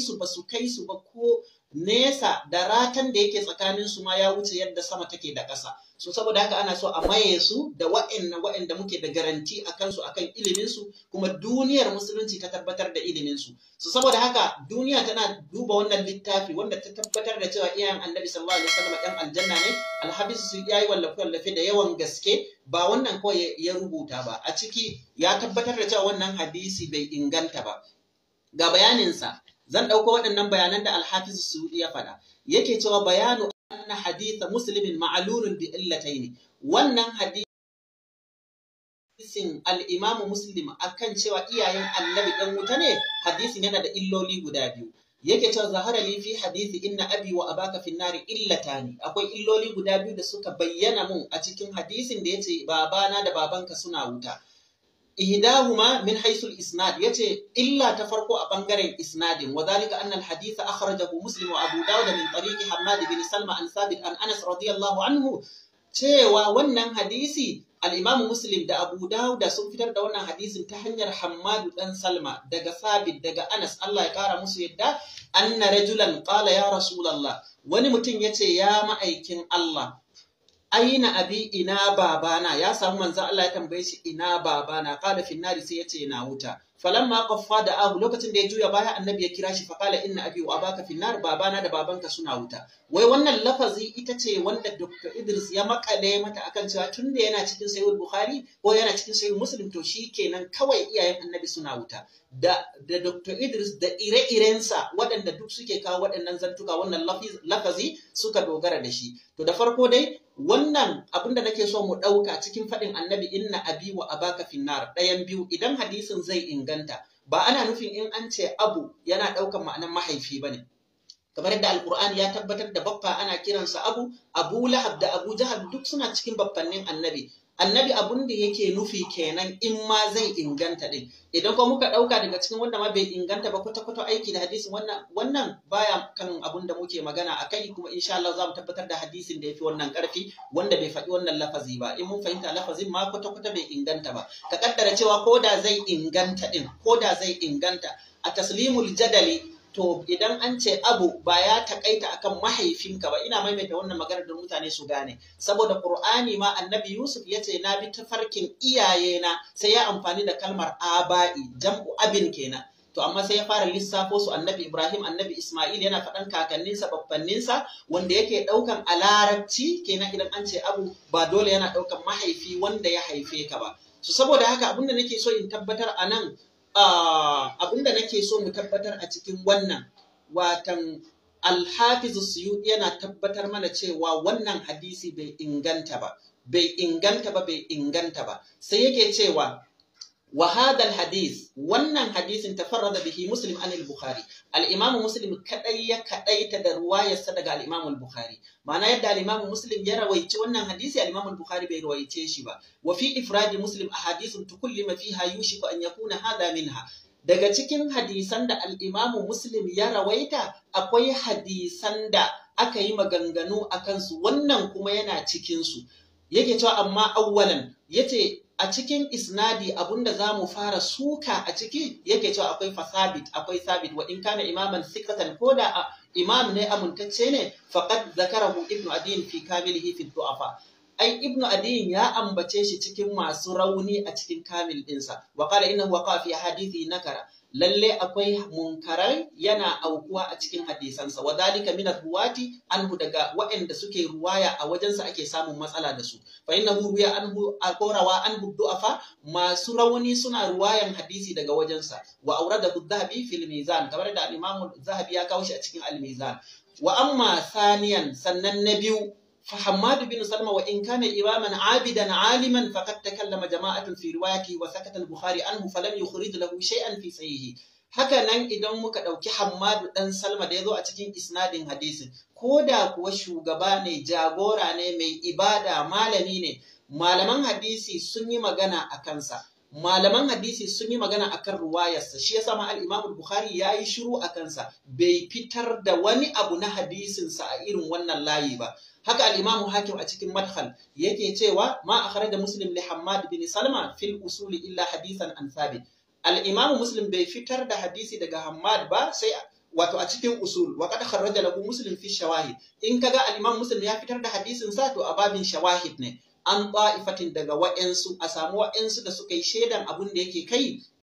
su ba su kai su ba ko nesa da ratan da yake tsakanin su ma ya wuce yadda sama take da ƙasa so saboda haka ana so a maye su da wa'annan wa'anda muke da garanti a kansu akan ilimin su kuma duniyar musulunci ta tabbatar da ilimin su so saboda haka duniya tana duba wannan littafi wanda ta tabbatar da cewa iyayen annabi sallallahu alaihi wasallam ɗan aljanna ne alhabisu su yayi wallafe wallafe da yawan gaske ba wannan kawai ya rubuta ba a ciki ya tabbatar da cewa wannan hadisi bai inganta ba ga bayaninsa zan ɗauko waɗannan bayanan da alhafiz suudi ya faɗa yake cewa bayanu anna haditha muslimin da bi illataini wannan hadisin al imam muslim akan cewa iyayen annabi dan wuta ne hadisin yana da illoli guda biyu yake cewa zahara li fi hadisi inna abi wa abaka fi nari illatani akwai illoli guda biyu da suka bayyana mun a cikin hadisin da yace babana da babanka suna wuta ihdahuma min haisul isnad yace illa ta farko a bangaren isnadin wa zalika anna al hadith akhrajahu muslim wa abu dawud min tariqi hammad bin salma an sabit an anas radiyallahu anhu cewa wannan hadisi al-imamu muslim da abu dawuda sun fitar da wannan hadisin ta hanyar hammadu dan salma daga sabit daga anas allah ya kara musu yadda anna rajulan qala ya rasulallah wani mutum ya ma ya ma'aikin allah aina abi ina babana ya samu manzo Allah ya tambaye shi ina babana qala fi nari sai yace ina wuta falamma qaffa da ahu lokacin da ya juya baya annabi ya kira shi faqala inna abi wa abaka fi babana da babanka suna wuta wai wannan lafazi ita ce wanda Dr. Idris ya makale mata akan cewa tun da yana cikin sahih Bukhari ko yana cikin sahih Muslim to shikenan kawai iyayen annabi suna wuta da da Dr. Idris da ire-irensa waɗanda duk suke kawo waɗannan zantuka wannan lafazi suka dogara da shi to da farko dai wannan abin da nake so mu ɗauka cikin faɗin annabi inna abi wa abaka finnar ɗayan biyu idan hadisin zai inganta ba ana nufin in an ce abu yana ɗaukan ma'anar mahaifi ba ne kamar yadda alkur'ani ya tabbatar da baffa ana kiransa abu abu lahab da abu jahal duk suna cikin baffannin annabi annabi abun da yake nufi kenan in ma zai inganta din idan ko muka dauka daga cikin wanda ma bai inganta ba kwata kwata aiki da hadisin wannan wannan baya kan abun da muke magana akai kuma insha Allah za mu tabbatar da hadisin da yafi wannan karfi wanda bai faɗi wannan lafazi ba in mun fahimta lafazin ma kwata kwata bai inganta ba ka kaddara cewa ko da zai inganta din ko da zai inganta a taslimul jadali to idan an ce abu ba ya takaita akan mahaifinka ba ina maimaita wannan magana da mutane su gane saboda qur'ani ma annabi yusuf ya ce na bi tafarkin iyayena sai ya amfani da kalmar aba'i jam'u abin kenan to amma sai ya fara lissafo su annabi ibrahim annabi isma'il yana faɗan kakanninsa babbanninsa wanda yake ɗaukan a larabci kenan idan an ce abu ba dole yana ɗaukan mahaifi wanda ya haife ka ba so saboda haka abin da nake so in tabbatar a nan abin da nake so mu tabbatar a cikin wannan watan alhafizu suyuti yana tabbatar mana cewa wannan hadisi bai inganta ba bai inganta ba bai inganta ba sai yake cewa wa hadha alhadith wannan hadisin tafarrada bihi muslim an al-bukhari al-imam kadai ya kadaita da ruwayarsa daga al-imam al-bukhari ma'ana yadda al-imam ya rawaice wannan hadisi al-imam bukhari bai rawaice shi ba wa fi ifradi muslim ahadithun tukullima fiha yushiku an yakuna hadha minha daga cikin hadisan da al-imam muslim ya rawaita akwai hadisan da aka yi maganganu a kansu. wannan kuma yana cikin su yake cewa amma awwalan yace a cikin isnadi da za mu fara suka a ciki yake cewa akwai fasabit akwai sabit wa in kana imaman sikatan ko da imam ne amintacce ne faqad zakarahu ibnu adin fi kamilihi fi du'afa ai ibnu adiyin ya ambace shi cikin masu rauni a cikin kamil ɗinsa wa qala innahu waqa fi hadithi nakara lalle akwai munkarai yana aukuwa a cikin hadisansa wa dalika min ruwati anhu daga wa'anda suke ruwaya a wajensa ake samun matsala da su fa innahu ruya anhu aqrawa anhu du'afa masu rauni suna ruwayan hadisi daga wajensa wa aurada dhahabi fil mizan kamar da imamu zahabi ya kawo shi a cikin al-mizan wa amma saniyan sannan na biyu fa بن bin Salma wa إماما عابدا imaman abidan تكلم جماعة في jama'atun وسكت البخاري wa فلم يخرج له anhu في yukhrij lahu fi haka nan idan muka ɗauki Hammadu ɗan Salma da ya zo a cikin isnadin hadisin ko da kuwa shugaba ne jagora ne mai ibada malami ne malaman hadisi sun yi magana a kansa malaman hadisi sun yi magana akan ruwayarsa shi yasa ma al-Imam Bukhari yi shiru akan sa bai fitar da wani abu na hadisinsa a irin wannan layi ba haka al-Imam Hakim a cikin Madkhal yake cewa ma akhraja Muslim li Hammad bin Salma fil usuli illa hadisan an Thabit al-Imam bai fitar da hadisi daga Hammad ba sai wato a cikin usul wa kada kharraja lahu muslim fi shawahid in kaga al-imam muslim ya fitar da hadisin sa to a babin shawahid ne an ɗa'ifatin daga wa'yansu a samu wa'yansu da suka yi shaidan abin da yake kai